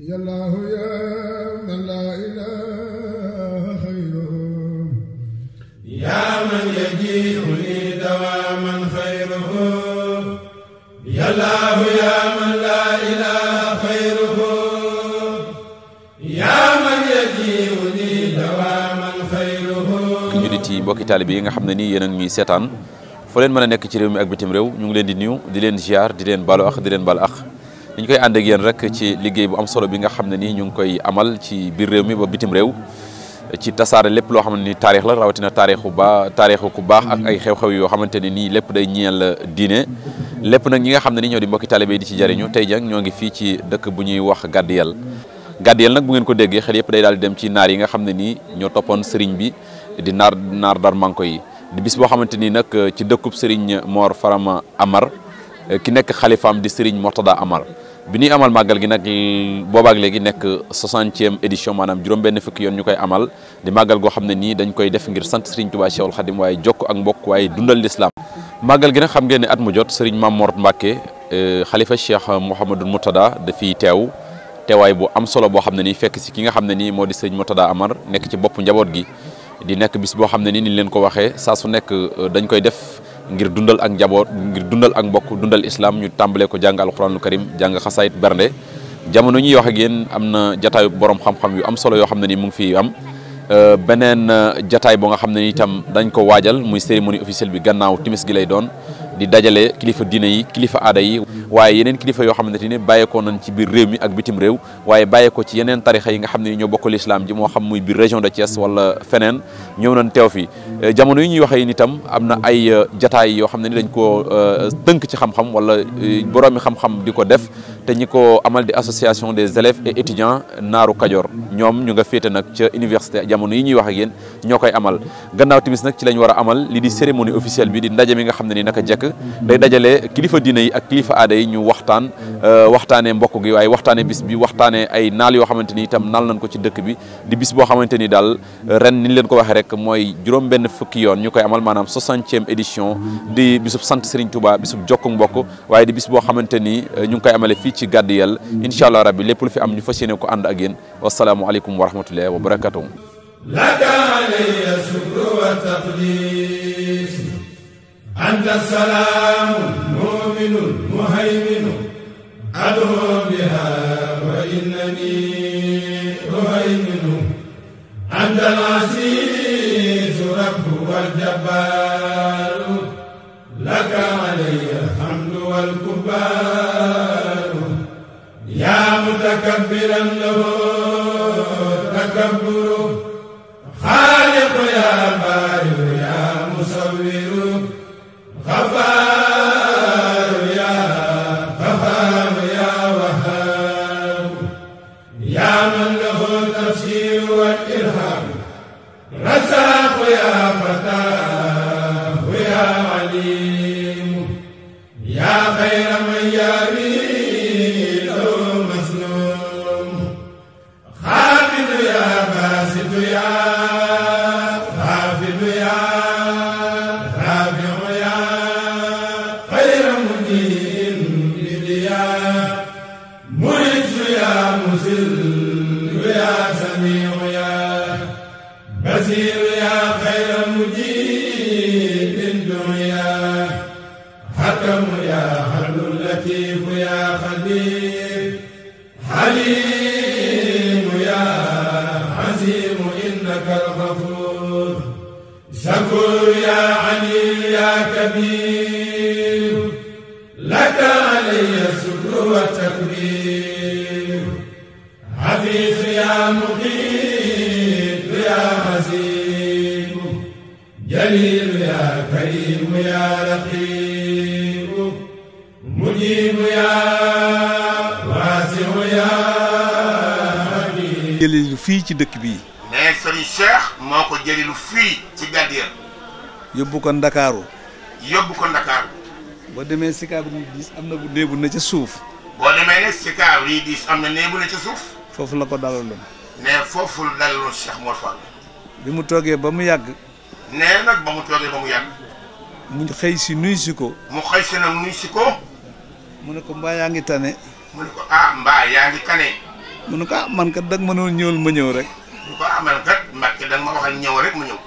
يا الله يا من لا إله خيره يا من يجيء لي دواما خيره يا الله يا من لا إله خيره يا من يجيء لي دواما خيره juliti mbokki taalibe yi nga xam ne nii yéen a ngi ñuy seetaan foo leen mën a nekk ci réew mi ak bitim réew ñu ngi leen di nuyu di leen ziar di leen baalu ak di leen baal dañ koy ànd ak rek ci liggéey bu am solo bi nga xam ne nii ñu ngi koy amal ci biir réew mi ba bitim réew ci tasaare lépp loo xam ne ni taarix la rawatina taarixu ba taarixu ku baax ak ay xew-xew yoo xamante ne nii lépp day ñeel diine lépp nag ñi nga xam ne nii ñoo di mbokki talibé di ci jariñu tey jang ñoo ngi fii ci dëkk bu ñuy wax Gadeyelle Gadeyelle nag bu ngeen ko déggee xel yëpp day daal dem ci naar yi nga xam ne nii ñoo toppoon sëriñ bi di naar naar Darmanko yi di bis boo xamante ni nag ci dëkkub sëriñ Mor Farama Amar ki nekk xalifaam di sëriñ Mortada Amar bi ñuy amal màggal gi nag boobaak léegi nekk soixantième édition maanaam juróom benn fukki yoon ñu koy amal di màggal goo xam ne nii dañ koy def ngir sant Serigne Touba Cheikhul Khadim waaye jokk ak mbokk waaye dundal l'islam màggal gi nag xam ngeen ne at mu jot Serigne Mamor Mbacke eh, xalifa Cheikh Mouhamadou Moutada dafiy teew teewaay boo am solo boo xam ne nii fekk si ki nga xam ne nii moo di Serigne Moutada Amar nekk ci bopp njaboot gi di nekk bis boo xam ne nii ni leen ko waxee saa su nekk eh, dañ koy def ngir dundal ak njaboot ngir dundal ak mbokk dundal islam ñu tàmbalee ko jàng alquranul karim jàng xasaayit bernde jamono ñuy wax ak yéen am na jataayu borom xam-xam yu am solo yoo xam ne nii mu ngi fi am euh, beneen euh, jataay bo nga xam ne ni itam dañ ko waajal muy cérémonie officielle bi gannaaw timis gi lay doon di dajale kilifa diine yi kilifa aada yi waaye yeneen kilifa yoo xamante ni bàyyeekoo nañ ci biir réew mi ak bitim réew waaye bàyyeekoo ci yeneen tarixa yi nga xam ne ñoo bokk lislaam ji moo xam muy biir région de Thiès wala feneen ñëw nañ teew fi Euh, jamono yi ñuy waxee ni itam am na ay euh, jataay yoo xam ne ni dañ koo euh, tënk ci xam-xam wala boroomi xam-xam di ko def te ñi ko amal di association des élèves et étudiants naaru Kajoor ñoom ñu nga féete nag ca université jamono yi ñuy wax ak ñoo koy amal gannaaw timis nak ci lañ war a amal li di cérémonie officielle bi di ndaje mi nga xam ne ni naka jekk day dajale kilifa diine yi ak kilifa aada yi ñu waxtaan waxtaanee mbokk gi waaye waxtaanee bis bi waxtaanee ay naal yoo xamante ni itam naal nañ ko ci dëkk bi di boo xamante ni daal ren ni ñu leen ko waxee rek mooy juróom benn fukki yoon ñu koy amal maanaam soixantième édition di bisub sant Serigne Touba bisub jokku mbokk waaye di bis boo xamante ni euh, ñu ngi koy amale fii ci gàdd yàlla incha allah rabbi lépp fi am ñu fa yéene ko ànd ak yéen wasalaamualeykum wa rahmatullahi wa barakatuh laka alayya shukru wa taqdis anta salaamu muminun muhayminu adu biha wa innani uhayminu anta al والجبار لك علي الحمد والكبار يا متكبرا له تكبر خالق يا بارئ يا مصور moko ko jëlilu fi ci gàddiya yobbu ko ndakaaru yobbu ko ndakaaru bo demee sikaar bu dis amna bu néebu na ci suuf bo demee ne sikaar yi dis amna na ci suuf fofu la ko ne fofu la dalaloon Cheikh Mor bi mu ba mu yag nak ba mu ba mu yag mu xey ci nuy ci ko mu xey ci nuy ci ko mu ne ko mba yaangi ngi tane mu ne ko ah mba yaangi tane mu ne ko ah man ka dag mënoon ñëwal ma ñëw rek ñu ko amal kat mbàkke da ma waxal ñëw rek mu ñëw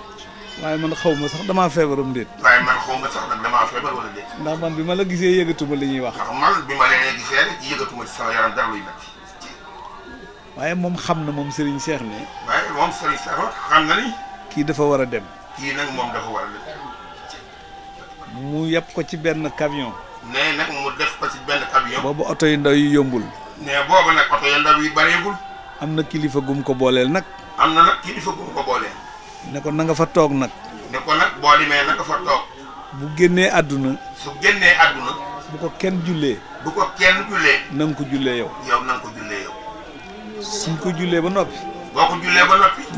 waaye man xaw ma sax dama feebarum dit waaye man xaw ma sax nag damaa feebar wala dit ndax man bima la gisee yëgatuma li ñuy wax ndax man bima la leen gisee rek yëgatuma ci sama yaram dar luy nak waye mom xamna mom Serigne Cheikh ne waye mom Serigne Cheikh xam na ni ki dafa wara dem ki nak mom dafa wara dem mu yap ko ci ben camion ne nak mu def ko ci ben camion bobu auto yi ndaw yi yombul ne bobu nak auto yi ndaw yi bareegul amna kilifa gum ko bolel nak am na nag ne ko na nga fa toog nag. ne ko nag boo limee na nga fa toog. génnee àdduna. su génnee àdduna. bu ko kenn jullee. bu ko kenn na ko jullee na ko jullee ko jullee ba noppi. boo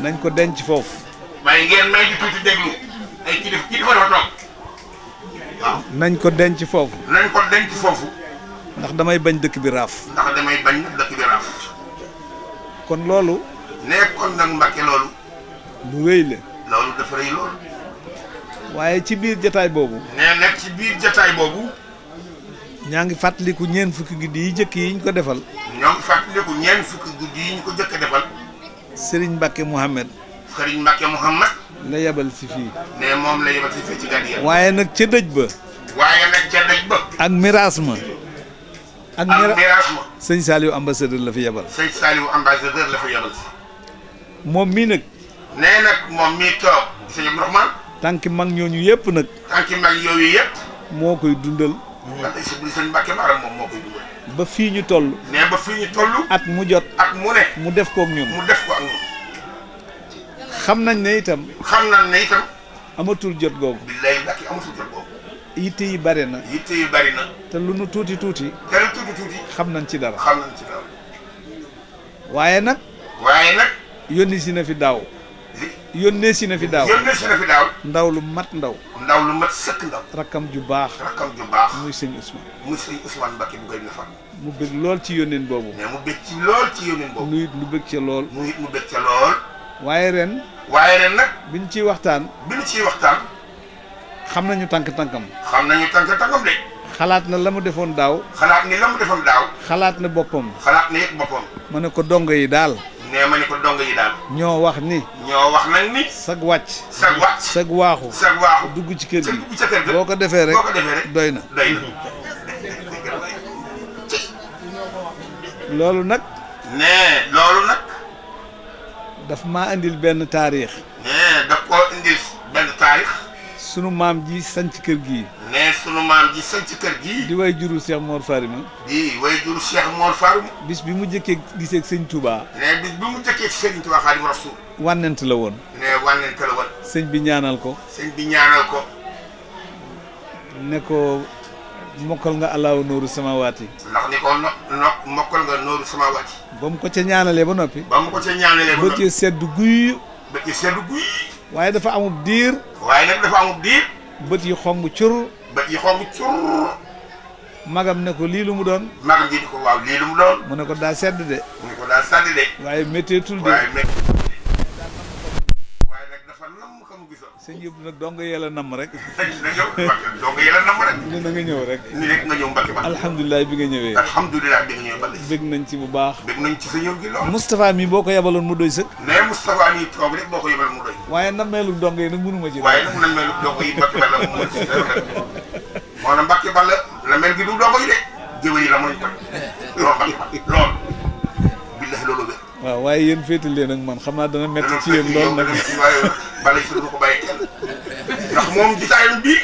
nañ ko denc foofu. waaye ngeen may di tuuti déglu ay kilifa kilifa dafa toog waaw. nañ ko denc foofu. nañ ko denc foofu. ndax damay bañ dëkk bi ndax damay bañ dëkk bi raaf. kon loolu. nekkoon nag Mbàkke loolu. lu rëy la. loolu dafa rëy loolu. waaye ci biir jataay boobu. nee nag ci biir jataay boobu. ñaa ngi fàttaliku ñeent fukki guddi yi jëkk yi ñu ko defal. ñoo ngi fàttaliku ñeent fukki guddi yi ñu ko jëkk defal. sëriñ Mbacke Mouhamed. Serigne Mbacke Mouhamed. la yebal si fii. ne moom la yebal si fii waaye nag ca dëj ba. waaye nag ca dëj ba. ak miraas ma. ak miraas ma. sëñ Saliou ambassadeur la fi yebal. sëñ Saliou ambassadeur la fi yebal. moom mii nag. nee nag moom mii toog di sëñ Abdou Rahmane. tànki mag ñooñu yëpp nag. tànki mag yooyu yëpp. moo koy dundal. si biir moom moo ba fii ñu toll. nee ba fii ñu toll. at mu jot. ak mu ne. mu def kook ak mu def ko xam nañ ne itam. xam nañ ne itam. amatul jot googu. billaay Mbàkke amatul yitte yi bari na. yitte yi te lu nu tuuti tuuti. te xam nañ ci dara. xam ci waaye nag. yónni si na fi daw yónnee si na fi daw yónnee si na fi daw ndaw lu mat ndaw ndaw lu mat sekk ndaw rakam ju bax rakam ju bax muy seigne Ousmane muy seigne Ousmane bakki bu koy na mu bëgg lol ci yónneen bobu ne mu bëgg ci lol ci yónneen bobu nuyit mu bëgg ci lol nuyit mu bëgg ci lol waye ren waye ren nak biñ ci waxtaan biñ ci waxtaan xam nañu tank tankam xam nañu tank tankam de xalaat na lamu defon daw xalaat ni lamu defon daw xalaat na bopam xalaat ni bopam mané ko dongay dal nee ma ni ko dong yi daal. ñoo wax ni. ñoo wax nag ni. sag wàcc. sag wàcc waaxu. sag waaxu dugg ci kër gi dugg boo ko defee rek boo rek doy na. loolu nag. nee loolu nag. dafa maa indil benn taarix. nee daf koo indil benn taarix. sunu maam ji sanc kër gii. ne sunu maam ji sanc kër gi di way juru Cheikh Mor Farima. di way juru Cheikh Mor Farima. bis bi mu jëkkee gisee ak sëñ Touba. ne bis bi mu jëkkee sëñ Touba Xaadimu Rasuul. wànnent la woon. ne wànnent la woon. sëñ bi ñaanal ko. sëñ bi ñaanal ko. ne ko mokkal nga alaaw nooru samawaat yi. ndax ni ko no no mokkal nga nooru samawaat yi. ba mu ko ca ñaanalee ba noppi. ba mu ko ca ñaanalee ba noppi. ba ci seddu guy. ba ci seddu guy. waaye dafa amub diir. waaye nag dafa amub diir. bët yi xomb cur. bët yi xomb cur. magam ne ko lii lu mu doon. magam ko waaw mu doon. mu ne ko daa sedd de. waaye métteetul de. waaye sëñ yëpp nag dong yàlla nam nag yow dong nam rek. ñu na nga ñëw rek. ñu rek nga ñëw Mbacke Mbacke. bi nga ñëwee. alhamdulilah nañ ci bu baax. bég nañ ci sa ñëw gi lool. Moustapha boo ko yabaloon mu doy sëkk. mais Moustapha mi toog rek boo ko yabaloon mu mënu ma ci. waaye nag nammeelu dong yi Mbacke Balla moom mooy ci na Mbacke gi du dong yi de. jëwe yi la mooy ko loolu waaw waaye yéen féetal leen ak man xam naa dana métti ci yéen lool nag ndax moom jitaayam bi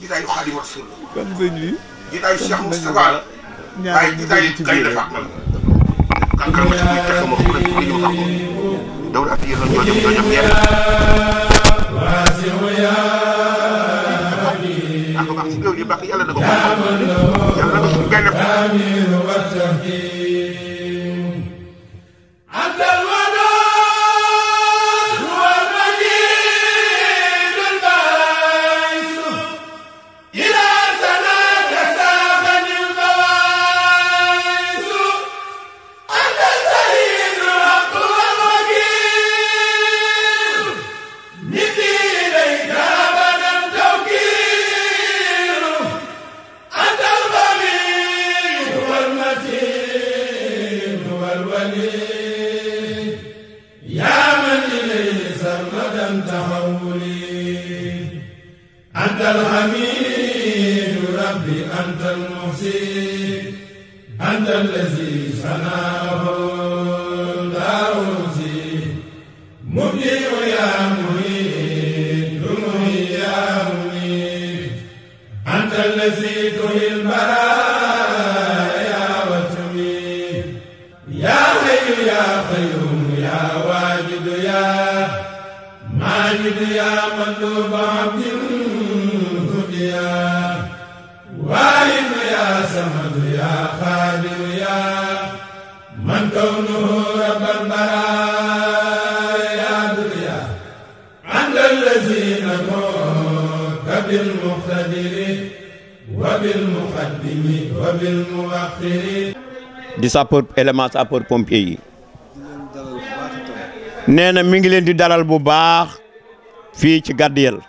jitaayu Xaadimu Rasuul kon sëñ bi jitaayu Cheikh Moustapha la ñaar ñu ci biir rek ma ci muy tekk ak yéen ñoo jëm ñoo di sapeur élément sapeur pompier yi nee na mi ngi leen di dalal bu baax fii ci Gadeyelle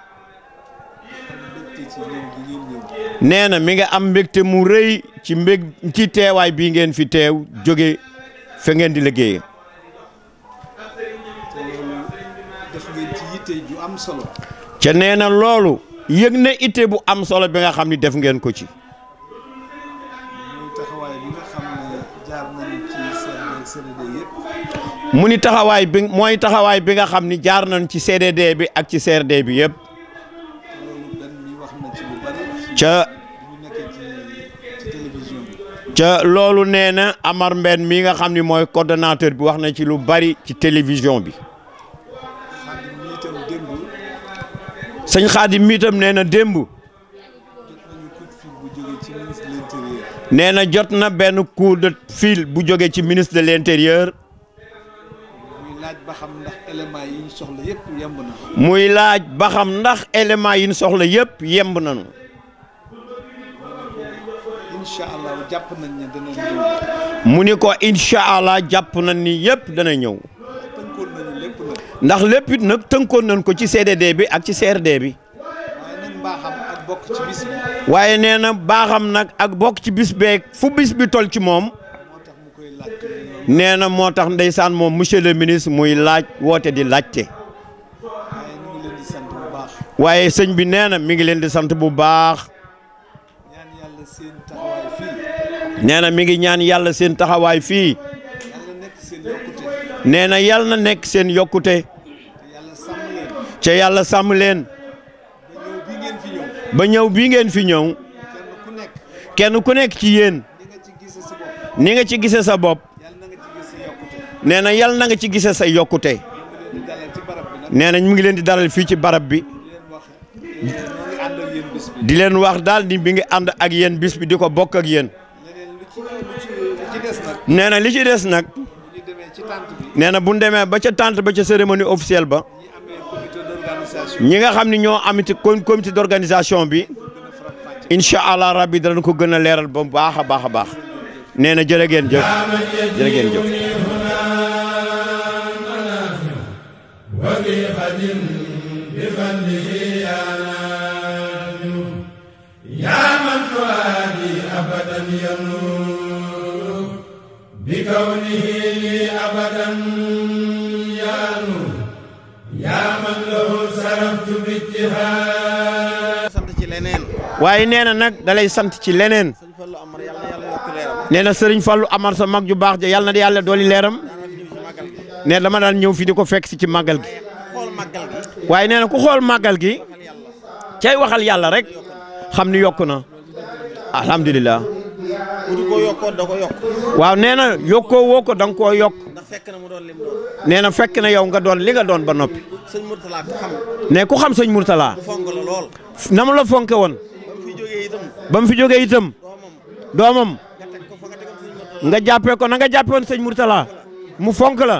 nee na mi nga am mbégte mu rëy ci mbég ci teewaay bii ngeen fi teew jóge fa ngeen di liggéey ca nee na loolu yëg na itte bu am solo bi nga xam ni def ngeen ko ci mu ni taxawaay bi mooy taxawaay bi nga xam ni jaar nañ ci CDD bi ak ci CRD bi yëpp ca ca loolu nee na Amar Mbène mi nga xam ni mooy coordonnateur bi wax na ci lu bari ci télévision bi sëñ Xaadim mi itam nee na démb nee na jot na benn coup de fil bu jóge ci ministre de l'intérieur laaj ba xam ndax éléments muy laaj ba xam ndax éléments yi ñu soxla yëpp yemb nañu. incha mu ni ko incha allah jàpp nañ ni yëpp dana ñëw. tënkoon nañu ndax lépp nag tënkoon nañ ko ci CDD bi ak ci CRD bi. waaye nee na baaxam nag ak bokk ci bis fu bis bi ci moom. nee na moo tax ndeysaan moom monsieur le ministre muy laaj woote di laajte. waaye sëñ bi nee na mi ngi leen di sant bu baax. nee na mi ngi ñaan yàlla seen taxawaay fii. nee na yàlla na nekk seen yokkute. ca yàlla sàmm leen. ba ñëw bii ngeen fi ñëw. kenn ku nekk ci yéen. ni nga ci gise sa bopp. nee na yal na nga ci gisee say yokkute nee na mu ngi leen di daral fii ci barab bi di leen wax daal ni bi ngi ànd ak yéen bis bi di ko bokk ak yéen nee na li ci des nag nee na bu demee ba ca tànt ba ca cérémonie officielle ba ñi nga xam ne ñoo amit amati comité d'organisation bi incha allah rabbi danañ ko gën a leeral ba baax a baax a baax nee na jërë ngeen jëf waaye nee na nag dalay sant ci leneen nee na sëriñ Fallou Amar sa mag ju baax ja yàlla na yàlla dooli leeram ne dama daan ñëw fii di ko fekk si ci màggal gi waaye nee na ku xool màggal gi cay waxal yàlla rek xam ni yokku na alhamdulilah. waaw nee na yokkoo woo ko da nga koo yokk nee na fekk na yow nga doon li nga doon ba noppi ne ku xam sëñ Mourtala na ma la fonke woon ba mu fi jógee itam doomam nga jàppee ko na nga jàppee woon sëñ Mourtala mu fonk la.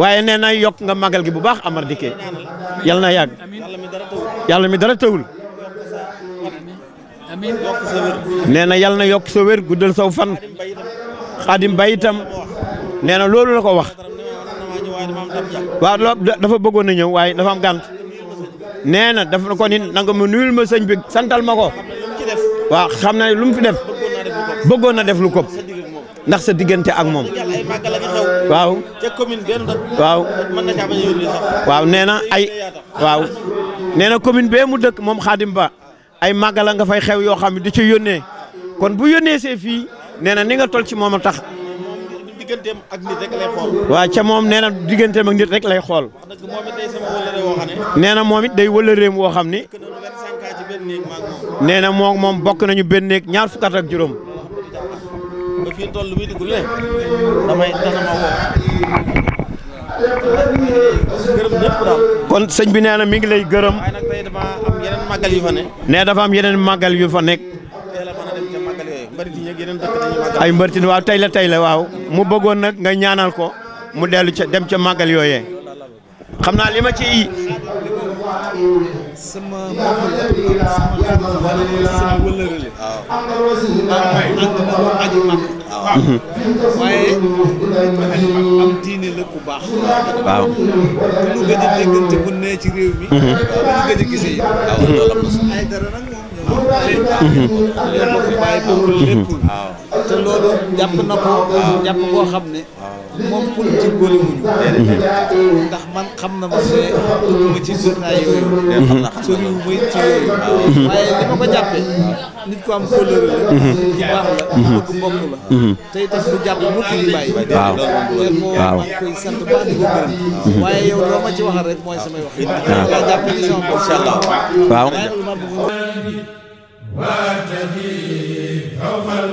waye nee yok nga magal gi bu baax Amar Dikke Yalna na yag yalla mi dara tëwul nee yalla na yok so wer guddal so fan khadim bayitam itam lolou na la ko wax wa dafa bëggoon na ñew waye dafa am gant dafa ko nanga mu nuyul ma señ bi santal mako. wa xamna lu mu fi def bëggoon na def lu ko ndax sa ak mom waaw ca commune benn waaw mën na waaw nee na ay waaw nee na commune bee mu dëkk moom Xaadim Ba ay màggala nga fay xew yoo xam ne di ci yónnee kon bu yónnee see fii nee na ni nga tol ci moom a tax digganteem ak nit rek lay ca moom nee na digganteem ak nit rek lay xool. nee na moom it day wëllëreem woo xam ni. nee na moom moom bokk nañu benn néeg ñaar fukk ak juróom. ma woo gërëm ñëpp daal. kon sëñ bi nee na mi ngi lay gërëm. waaye yu fa nekk. nee dafa am yeneen màggal yu fa nekk. ay mbërtin waaw tey la tey la waaw mu bëggoon nag nga ñaanal ko mu dellu ca dem ca màggal yooyee xam naa li ma ci sama mbokk la sama xarit sama wëllëre la. waaw waaw aji mag. waaw waaye aji mag am diine a déggante bu ne ci réew mi. waaw ku mu a gisee yi. waaw loolu am na ay dara nag moom. waaw lépp. lépp bàyyi ko lépp. waaw. te loolu jàpp na ko jàpp koo xam ne moom politique boolewuñu ndax man xam na ma see dugg ci journal yooyu xam na yooyu waaye li ma ko jàpp mu fi bàyyi waaw waaw koy waaye yow loo ci waxal rek mooy samay wax yaa jàpp ci sama bopp yaa man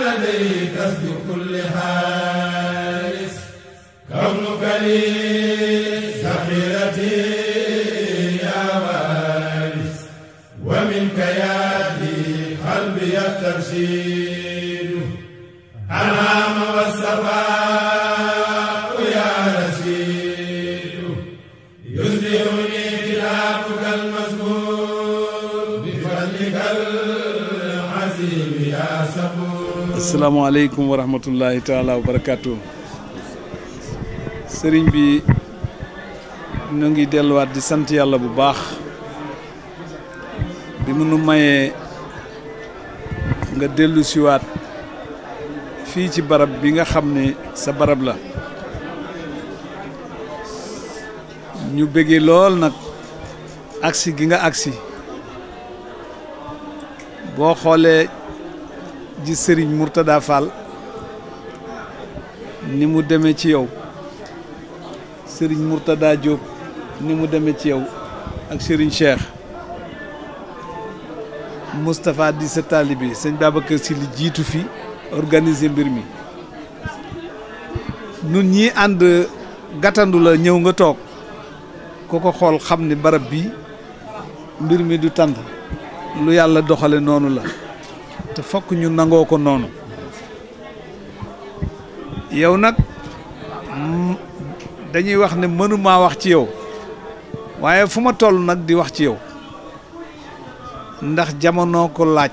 ladayhi kasbu kulli haal assalamualaikum warahmatullahi taala wabarakatuh. Sering bi ñu ngi di santi allah bu baax bi mu nu mayee nga dellu siwaat fii ci barab bi nga xam sa barab la ñu lool ji Serigne Mourtada Fall ni mu demee ci yow sëriñ Mourtada Diop ni mu demee ci yow ak sëriñ Cheikh Moustapha di sa taalibe sëñ Babacar Si li jiitu fi organise mbir mi nun ñi ànd gàttandu la ñëw nga toog ku ko xool xam ni barab bi mbir mi du tànd lu yàlla doxale noonu la te fokk ñu nangoo ko noonu yow nag mm, dañuy wax ne mënumaa wax ci yow waaye fu ma toll nag di wax ci yow ndax jamono ko laaj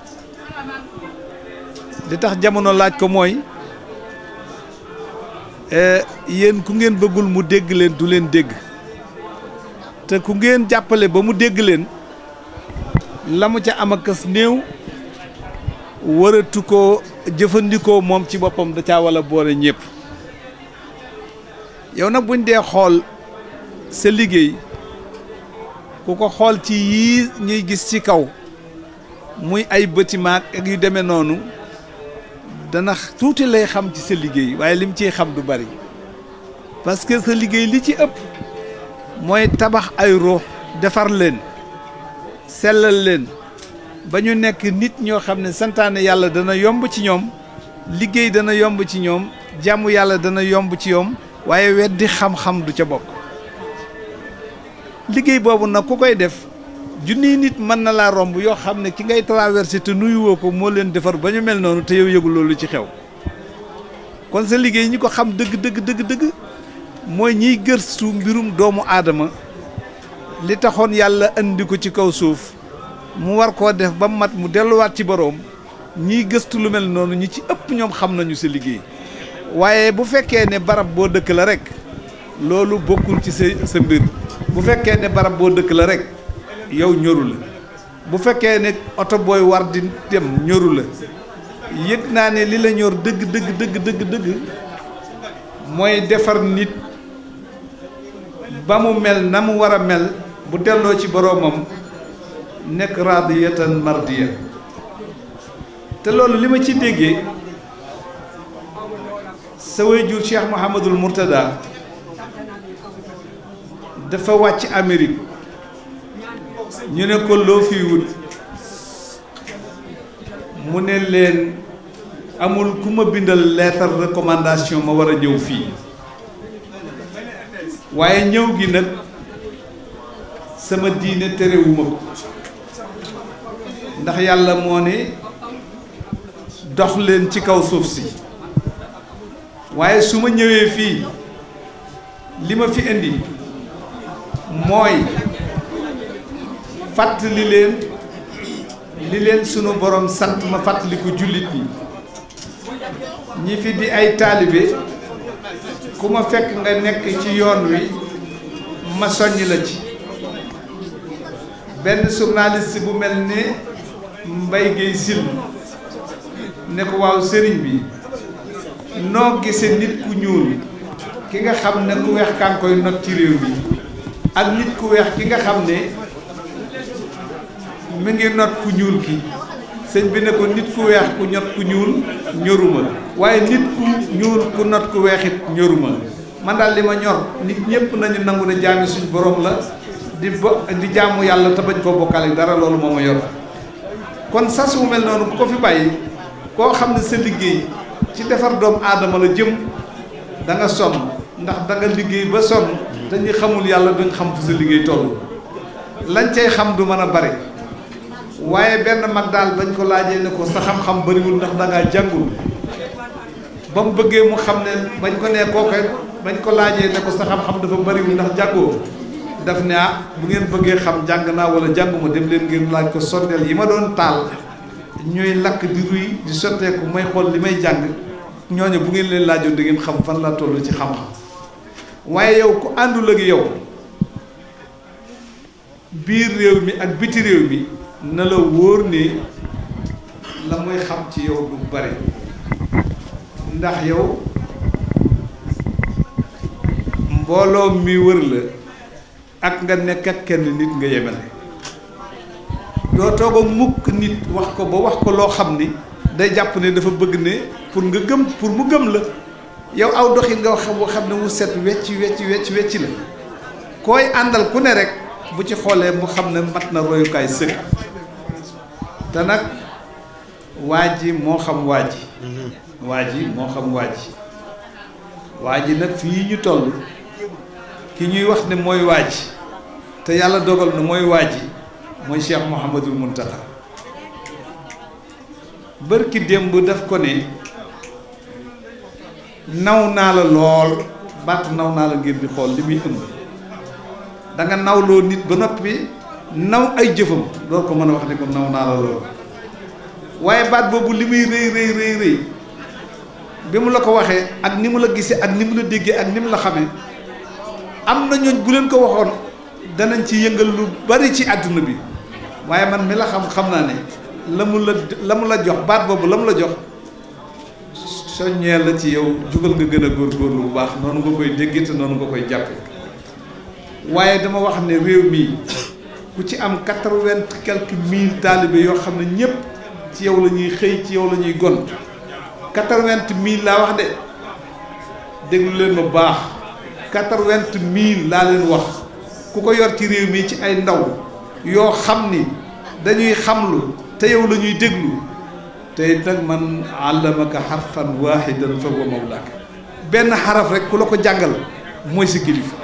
li tax jamono laaj ko mooy e, yéen ku ngeen bëggul mu dégg leen du leen dégg te ku ngeen jàppale ba mu dégg leen la mu ca am a kës néew wëratu ko jëfandikoo moom ci boppam da caa wala boole ñëpp yow nag buñ dee xool sa liggéey ku ko xool ci yii ñuy gis ci kaw muy ay bâtiment ak yu demee noonu dana tuuti lay xam ci sa liggéey waaye lim ciy xam du bari parce que sa liggéey li ci ëpp mooy tabax ay ruux defar leen sellal leen ba ñu nekk nit ñoo xam ne santaane yàlla dana yomb ci ñoom liggéey dana yomb ci ñoom jàmm yàlla dana yomb ci ñoom waaye weddi xam-xam du ca bokk liggéey boobu nag ku koy def junniy nit mën na laa romb yoo xam ne ki ngay traversé te nuyuwoo ko moo leen defar ba ñu mel noonu te yow yëgu loolu ci xew kon sa liggéey ñi ko xam dëgg dëgg dëgg dëgg mooy ñiy gëstu mbirum doomu aadama li taxoon yàlla indi ko ci kaw suuf mu war koo def ba mat mu delluwaat ci boroom ñiy gëstu lu mel noonu ñi ci ëpp ñoom xam nañu sa liggéey waaye bu fekkee ne barab boo dëkk la rek loolu bokkul ci sa sa mbir bu fekkee ne barab boo dëkk la rek yow ñoru la bu fekkee ne oto booy war di dem ñoru la yëg naa ne li la ñor dëgg dëgg dëgg dëgg dëgg mooy defar nit ba mu mel na mu war a mel bu delloo ci boroomam nekk raadiyatan mardiya te loolu li ma ci déggee sa waajur Cheikh Mouhamadul Mourtada dafa wàcc amerig ñu ne ko loo fiy wut mu ne leen amul ku ma bindal lettre recommandation ma war a ñëw fii waaye ñëw gi nag sama diine terewuma ndax yàlla moo ne dox leen ci kaw suuf si waaye su ma ñëwee fii li ma fi indi mooy fàttali leen li leen sunu borom sant ma fàttaliku ko jullit ñi ñi fi di ay taalibe ku ma fekk nga nekk ci yoon wi ma soññ la ci benn journaliste bu mel ne mbay gay sil ne ko waw serigne bi no gisse nit ku ñuul ki nga xam ne ku wex kan koy not ci rew bi ak nit ku wex ki nga xam ne mi ngi not ku ñuul ki serigne bi ne ko nit ku wex ku ñot ku ñuul ñoruma waye nit ku ñuul ku not ku weexit ñoruma man dal lima ñor nit ñepp nañu nangu ne jami suñu borom la di jamu di jaamu yàlla te bañ bokkale dara lolu moma ma yor kon sas wu mel noonu bu ko fi bàyyi koo xam ne sa liggéey ci defar doomu aadama la jëm da nga sonn ndax da nga liggéey ba sonn te ñi xamul yàlla duñ xam fu sa liggéey toll lañ cay xam du mën a bari waaye benn mag daal bañ ko laajee ne ko sa xam-xam bariwul ndax da ngaa jàngul ba mu bëggee mu xam ne bañ ko nee koo koy bañ ko laajee ne ko sa xam-xam dafa bariwul ndax jàngoo daf naa ah, bu ngeen bëggee xam jàng naa wala jànguma dem leen ngeen laaj ko sondeel yi ma doon taal ñooy lakk di ruy di sotteeku may xool li may jàng ñooñu bu ngeen leen laajoon di ngeen xam fan laa toll ci xam-xam waaye yow ku àndul ak yow biir réew mi ak biti réew mi na la wóor ne la muy xam ci yow du bare ndax yow mbooloo mi wër la ak nga nekk ak kenn nit nga yemale doo toog ak mukk nit wax ko ba wax ko loo xam ne day jàpp ne dafa bëgg ne pour nga gëm pour mu gëm la yow aw doxi nga wax boo xam ne mu set wecc wecc wecc wecc la kooy àndal ku ne rek bu ci xoolee mu xam ne mat na royukaay sëg te nag waa ji moo xam waa ji mm-hmm. waa ji moo xam waa ji waa ji nag fii ñu toll ki ñuy wax ne mooy waa ji te yàlla dogal na mooy waa ji mooy Cheikh Mouhamadul Mountakha bërki démb daf ko ne naw naa la lool baat naw naa la ngir di xool li muy ëmb da nawloo nit ba noppi naw ay jëfam doo ko mën a wax ne ko naw naa la lool waaye baat boobu li muy rëy rëy rëy bi mu la ko waxee ak ni mu la gisee ak ni mu la déggee ak ni mu la xamee am na ñooñ bu leen ko waxoon danañ ci yëngal lu bari ci àdduna bi waaye man mi la xam xam naa ne la mu la la mu la jox baat boobu la mu la jox soññee la ci yow jógal nga gën a góorgóorlu bu baax noonu nga koy dégg te noonu nga koy jàppe waaye dama wax ne réew mi ku ci am quatre-vingt quelques mille taalibe yoo xam ne ñëpp ci yow la ñuy xëy ci yow lañuy gon quatre-vingt mille laa wax de déglu leen ma baax quatre-vingt mille laa leen wax. ku ko yor ci réew mi ci ay ndaw yoo xam ni dañuy xamlu te yow la ñuy déglu te nag man àllamaka xarfan waaxidan fa huwa mawlaaka benn xaraf rekk ku la ko jàngal mooy si kilifa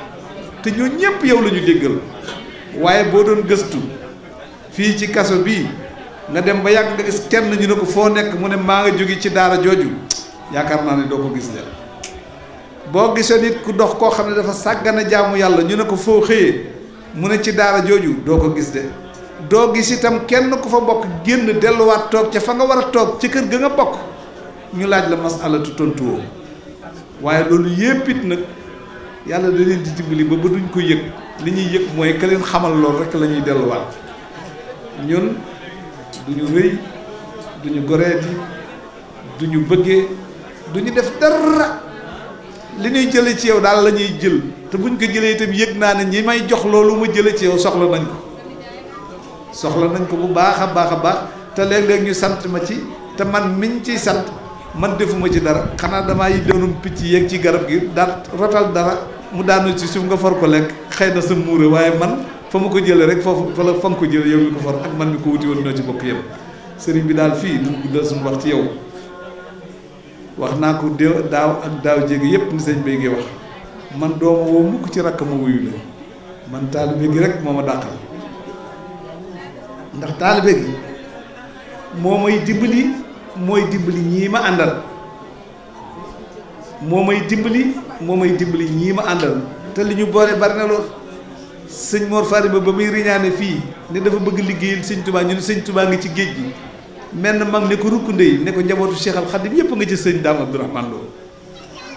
te ñoo ñëpp yow la déggal waaye boo doon gëstu fii ci kaso bii nga dem ba yàgg nga gis kenn ñu ne ko foo nekk mu ne maa nga jóge ci daara jooju yaakaar naa ne doo ko gis leen boo gisee nit ku dox koo xam ne dafa sàggana jaamu yàlla ñu ne ko foo xëyee mu ne ci daara jooju doo ko gis de doo gis itam kenn ku fa bokk génn delluwaat toog ca fa nga war a toog ci kër ga nga bokk ñu laaj la masalatu tontu waaye loolu yépp it nag yàlla da di dimbali ba ba duñ ko yëg li ñuy yëg mooy ka xamal lool rek lañuy ñuy delluwaat ñun duñu rëy duñu goreeti duñu bëggee duñu def dara li ñuy jële ci yow daal la ñuy jël te buñ ko jëlee itam yëg naa ne ñi may jox loolu ma jële ci yow soxla nañ ko soxla nañ ko bu baax a baax a baax te léeg-léeg ñu sant ma ci te man miñ ciy sant man defuma ci dara xanaa damaa yi doonum picc yeeg ci garab gi daal rotal dara mu daanu ci suuf nga far ko lekk xëy na sa muure waaye man fa mu ko jëlee rek foofu fa la fa ko jëlee yow mi ko for ak man mi ko wuti woon ñoo ci bopp yëpp sëriñ bi daal fii duñ guddal ci yow waxna ko daw daw ak daaw jéegi yep ni sëñ beegi wax man dooma woo mukk ci rak ma wuyu le man taalibe gi rek moma ma ndax taalibe gi momay may dimbali mooy dimbali ma andal momay may dimbali moo may dimbali ñii ma andal te liñu boré bar na lool sëñ Mor Fari ba muy riñaane fii ne dafa bëgg liggéeyal sëñ Touba ñu ne Touba nga ci geejgi men mag ne ko rukk ndey ne ko njabootu cheikh al khadim yépp nga ci sëñ dam abdourahman lo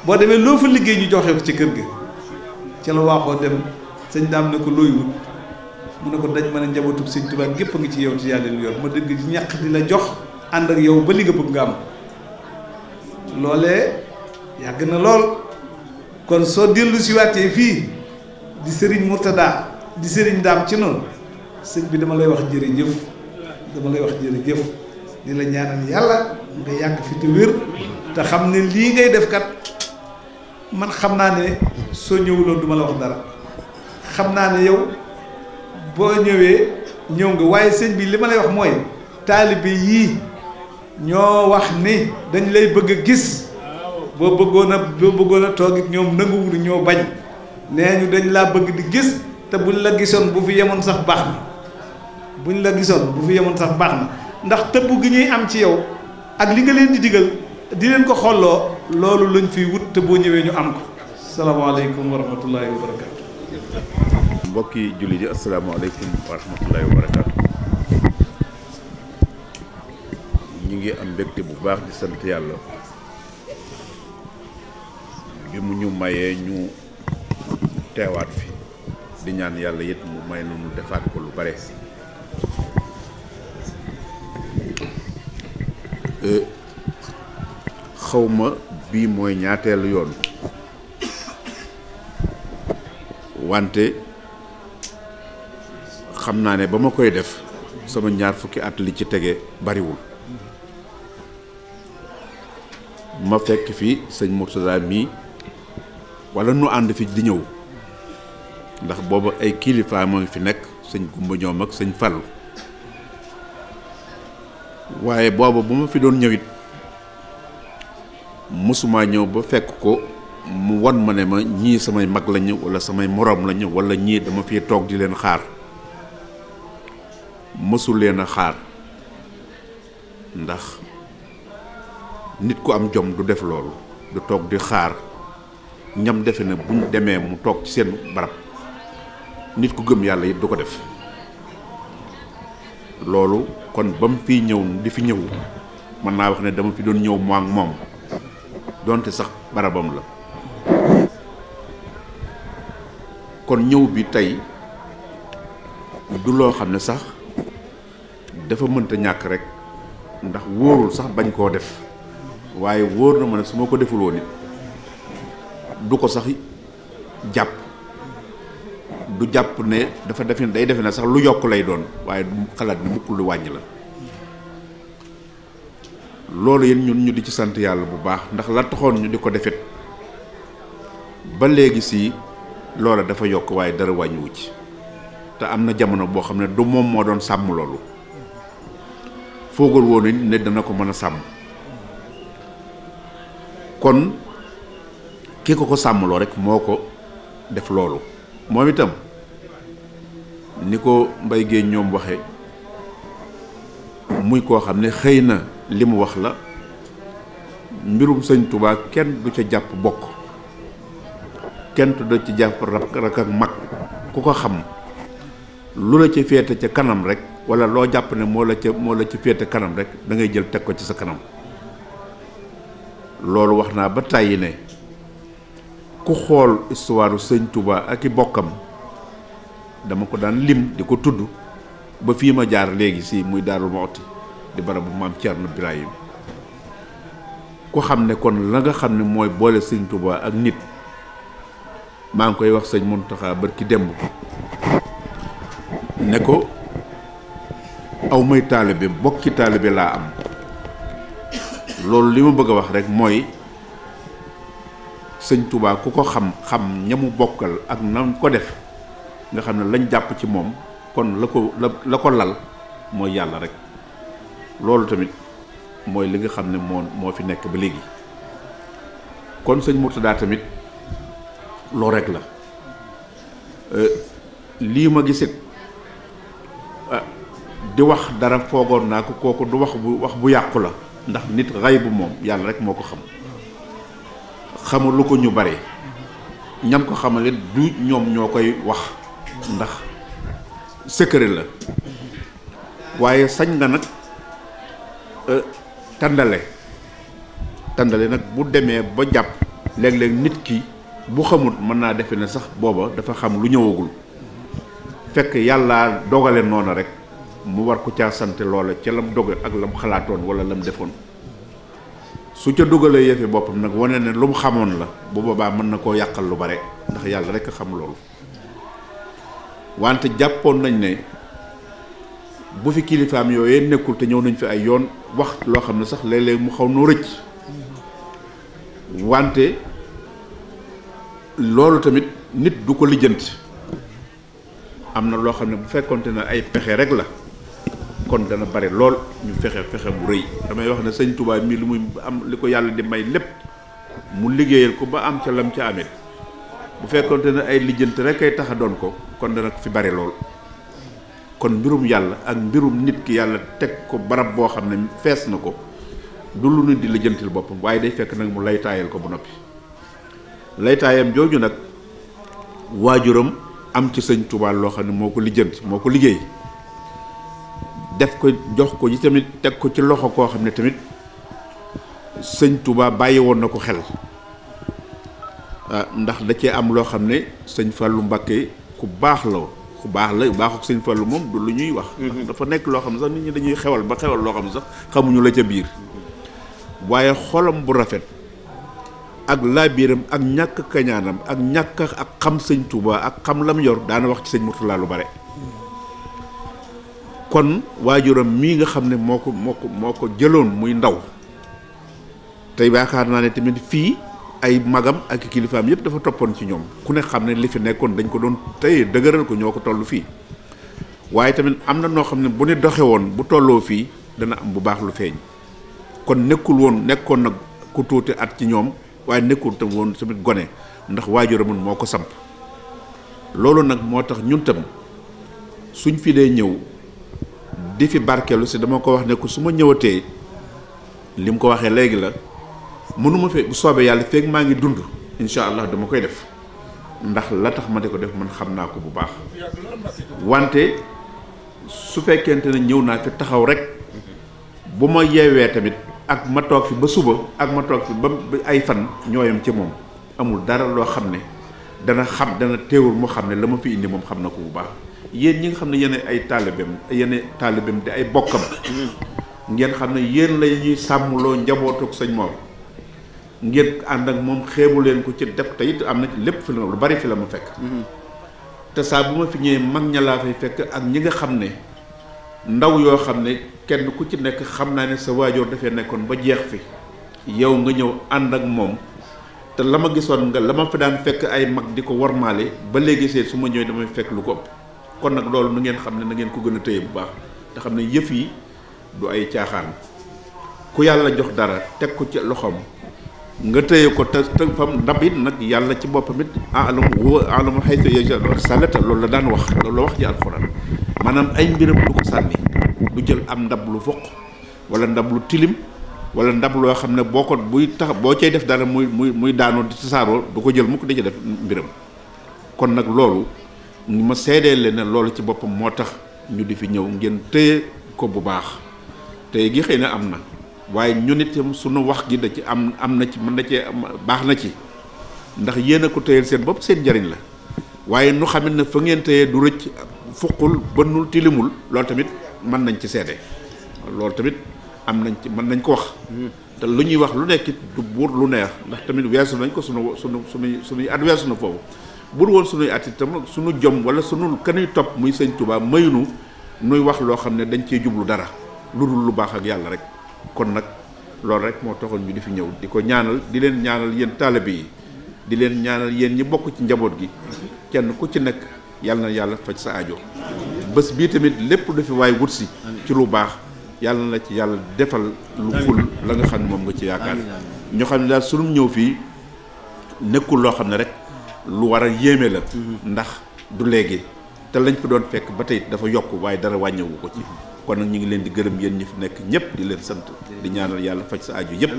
bo demé lo fa liggéey ñu joxé ko ci kër ga ci la waxo dem sëñ dam ne ko loy wut mu ne ko dañ mëna a njabootub sëñ tubaa gépp a ci yow ci ñu yor ma dëgg ci ñak di la jox and ak yow ba li nga bëgg nga am lolé yag na lol kon so delu ci waté fi di serigne murtada di serigne dam ci non serigne bi dama lay wax jërëjëf dama lay wax jëf di la ñaanal yàlla nga yàgg fi te wér te xam ne lii ngay def kat man xam naa ne soo ñëwuloon du ma la wax dara xam naa ne yow boo ñëwee ñëw nga waaye sëñ bi li ma lay wax mooy taalibe yii ñoo wax ni dañ lay bëgg a gis boo bëggoon a boo bëggoon a toog it ñoom nanguwul ñoo bañ nee dañ laa bëgg di gis te buñ la gisoon bu fi yemoon sax baax buñ la gisoon bu fi yemoon sax baax ndax tëbb gi ñuy am ci yow ak li nga leen di digal di leen ko xolloo loolu lañ fiy wut te boo ñëwee ñu am ko salaamaaleykum wa rahmatullahi wa barakaatu mbokki julli ji asalaamaaleykum wa rahmatullahi wa barakaatu ñu ngi am mbégte bu baax di sant yàlla bi mu ñu mayee ñu teewaat fi di ñaan yàlla it mu may nu defaat ko lu bare Eh, xawma bii mooy ñaateelu yoon wante xam naa ne ba ma koy def sama ñaar fukki at li ci tege bariwul ma fekk fi sëñ Mourtada mii walla nu ànd fi di ñëw ndax booba ay kilifa moo ngi fi nekk sëñ Gumba ñoom ak sëñ Fallu waaye booba bu ma fi doon ñëwit mosumaa ñëw ba fekk ko mu wan ma ne ma ñii samay mag lañu wala samay moroom lañu wala ñii dama fi toog di leen xaar mësu leen a xaar ndax nit ku am jom du def loolu du toog di xaar ñam defe na buñ demee mu toog ci seen barab nit ku gëm yàlla it du ko def loolu kon ba mu fiy ñëw di fi ñëw mën naa wax ne dama fi doon ñëw mu ak moom donte sax barabam la kon ñëw bi tey du loo xam ne sax dafa mënta ñàkk rek ndax wóorul sax bañ koo def waaye wóor na ma ne suma ko defuloo woon du ko sax jàpp du jàpp ne dafa defe day defe na sax lu yokk lay doon waaye xalaat ne mukk lu wàññi la loolu yéen ñun ñu di ci sant yàlla bu baax ndax la taxoon ñu di ko defet ba léegi si loola dafa yokk waaye dara wàññiwu ci te am na jamono boo xam ne du moom moo doon sàmm loolu foogul woon ne dana ko mën a sàmm kon ki ko ko sàmmloo rek moo ko def loolu moom itam ni ko mbay Guèye ñoom waxe muy koo xam ne xëy na li mu wax la mbirum sëñ tubaa kenn du ca jàpp bokk kenn du ci jàpp rak ak mag ku ko xam lu la ci féete ca kanam rekk walla loo jàpp ne moo la ca moo la ci féete kanam rekk da ngay jël teg ko ci sa kanam loolu wax naa ba tàyyi ne ku xool histoire sëñ tubaa ak i bokkam dama ko daan lim di ko tudd ba fii ma jaar léegi si muy Daaru Muxti di barabu maam na Birahim ku xam ne kon la nga xam ne mooy boole sëñ Touba ak nit maa ngi koy wax sëñ Mountakha barki demb ne ko aw may taalibe bokki taalibe laa am loolu li ma bëgg a wax rek mooy sëñ tubaa ku ko xam xam ñamu bokkal ak nam ko def nga xam ne lañ jàpp ci moom kon la ko la la ko lal mooy yàlla rek loolu tamit mooy li nga xam ne moo moo fi nekk ba léegi kon sëñ Mourtada tamit loo rek la euh, lii ma gisit ah, di wax dara foogoon naa ko kooku du wax bu wax bu yàqu la ndax nit xay bu moom yàlla rek moo ko xam xamalu ko ñu bare ñam ko xamalit du ñoom ñoo koy wax ndax secret la waaye sañ nga nag euh, tàndale tàndale nag bu demee ba jàpp léeg nit ki bu xamut mën naa defe ne sax booba dafa xam lu ñëwagul fekk yàlla dogale noona rek mu war ko caa sant loola ca lam doge ak lam xalaatoon wala lam defoon su ca dugalee yëfi boppam nag wane ne lu mu xamoon la bu boobaa mën na koo yàqal lu bare ndax yàlla rek a xam loolu wante jàppoon nañ ne bu fi kilifaam yooyee nekkul te ñëw nañ fi ay yoon wax loo xam ne sax léeg mu xaw noo rëcc wante loolu tamit nit du ko lijjanti am na loo xam ne bu fekkonte ne ay pexe rek la kon dana bare lool ñu fexe fexe bu rëy damay wax ne sëñ tubaab mii lu muy am li ko yàlla di may lépp mu liggéeyal ko ba am ca lam ca amit bu fekkoonte ne ay lijjant rek ay tax a doon ko kon dana fi bari lool kon mbirum yàlla ak mbirum nit ki yàlla teg ko barab boo xam ne fees na ko du lu nit di lijjantil boppam waaye day fekk nag mu laytaayal ko bu noppi laytaayam jooju nag waajuram am ci sëñ Tuubaa loo xam ne moo ko lijjanti moo ko liggéey def ko jox ko yi tamit teg ko ci loxo koo xam ne tamit sëñ Tuubaa bàyyi woon na ko xel Euh, ndax da cee am loo xam ne sëñ lu Mbacké ku baax la ku baax la baaxul sëñ Fallou moom du lu ñuy wax. Mhm. dafa nekk loo xam ne sax nit ñi dañuy xewal ba xewal loo xam sax xamuñu la ca biir. waaye xolam bu rafet ak laabiram ak ñàkk kañaanam ak ñàkk ak xam sëñ Touba ak xam lam yor daana wax ci sëñ Mourtala lu bare. kon waajuram mii nga xam ne moo ko moo ko moo ko jëloon muy ndaw te yaakaar naa ne tamit fii. ay magam ak kilifaam yëpp dafa toppoon ci ñoom ku ne xam ne li fi nekkoon dañ ko doon tey dëgëral ko ñoo ko tollu fii waaye tamit am na noo xam ne bu ne doxe woon bu tolloo fii dana am bu baax lu feeñ kon nekkul woon nekkoon nag ku tuuti at ci ñoom waaye nekkul tam woon tamit gone ndax waajuramun moo ko samp loolu nag moo tax ñun tam suñ fi dee ñëw di fi barkeelu si dama ko wax ne su ma ñëwatee li mu ko waxee léegi la mënuma fi bu soobee yàlla feeg maa ngi dund incha allah dama koy def ndax la tax ma di ko def man xam naa ko bu baax wante su fekkente ne ñëw naa fi taxaw rek bu ma yeewee tamit ak ma toog fi ba suba ak ma toog fi ba ay fan ñooyam ci moom amul dara loo xam ne dana xam dana teewul mu xam ne la ma fi indi moom xam na ko bu baax yéen ñi nga xam ne yéen ay taalibeem yéen taalibeem di ay bokkam ngeen xam ne yéen la ñuy sàmmloo njabootu ak sëñ moom ngir ànd ak moom xeebu leen ko ci def te am na lépp fi la lu bari fi la ma fekk mm-hmm. te saa bu ma fi ñëwee mag ña laa fay fekk ak ñi nga xam ne ndaw yoo xam ne kenn ku ci nekk xam naa ne sa waajur dafee nekkoon ba jeex fi yow nga ñëw ànd ak moom te la ma gisoon nga la ma fi daan fekk ay mag di ko warmaale ba léegi see su ma ñëwee damay fekk lu ko ëpp kon nag loolu nu ngeen xam ne na ngeen ko gën a téye bu baax te xam ne yëf yi du ay caaxaan ku yàlla jox dara teg ko ci loxoom nga téye ko te te fam ndab yit nag yàlla ci boppam it alam huwa alamu haythu yaj'alu risalata loolu la daan wax loolu la wax ci alxuraan maanaam ay mbiram du ko sànni du jël am ndab lu foq wala ndab lu tilim wala ndab loo xam ne boo ko buy tax boo cee def dara muy muy muy daanoo di tasaaroo du ko jël mukk di ci def mbiram kon nag loolu ma seedee leen ne loolu ci boppam moo tax ñu di fi ñëw ngeen téye ko bu baax téye gi xëy na am na waaye ñun itam sunu wax gi da ci am am na ci mën na cee baax na ci ndax yéen a ko téyel seen bopp seen njariñ la waaye nu xamit ne fa ngeen téye du rëcc fuqul bënnul tilimul loolu tamit mën nañ ci seede loolu tamit am nañ ci mën nañ ko wax te lu ñuy wax lu nekk du buur lu neex ndax tamit weesu nañ ko sunu sunu sunuy sunuy at weesu na foofu bur woon sunuy at itam sunu jom wala sunu kanuy topp muy sëñ Tuubaa mayunu nuy wax loo xam ne dañ cee jublu dara lu dul lu baax ak yàlla rek kon nag loolu rek moo taxoon ñu di fi ñëw di ko ñaanal di leen ñaanal yéen taalibe yi di leen ñaanal yéen ñi bokk ci njaboot gi kenn ku ci nekk yàlla na yàlla faj sa aajo bés bii tamit lépp lu fi waay wut ci lu baax yàlla na ci yàlla defal lu ful la nga xam ne moom nga ci yaakaar ñoo xam ne daal sunu ñëw fii nekkul loo xam ne rek lu war a yéeme la mm-hmm. ndax du léegi te lañ fi doon fekk ba tey dafa yokk waaye dara wàññewu ko ci kon nag ñu ngi leen di gërëm yéen ñi fi nekk ñëpp di leen sant di ñaanal yàlla faj sa aju yëpp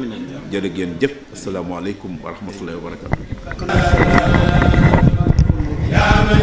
jërë ngeen jëf asalaamaaleykum wa rahmatullahi wa barakatu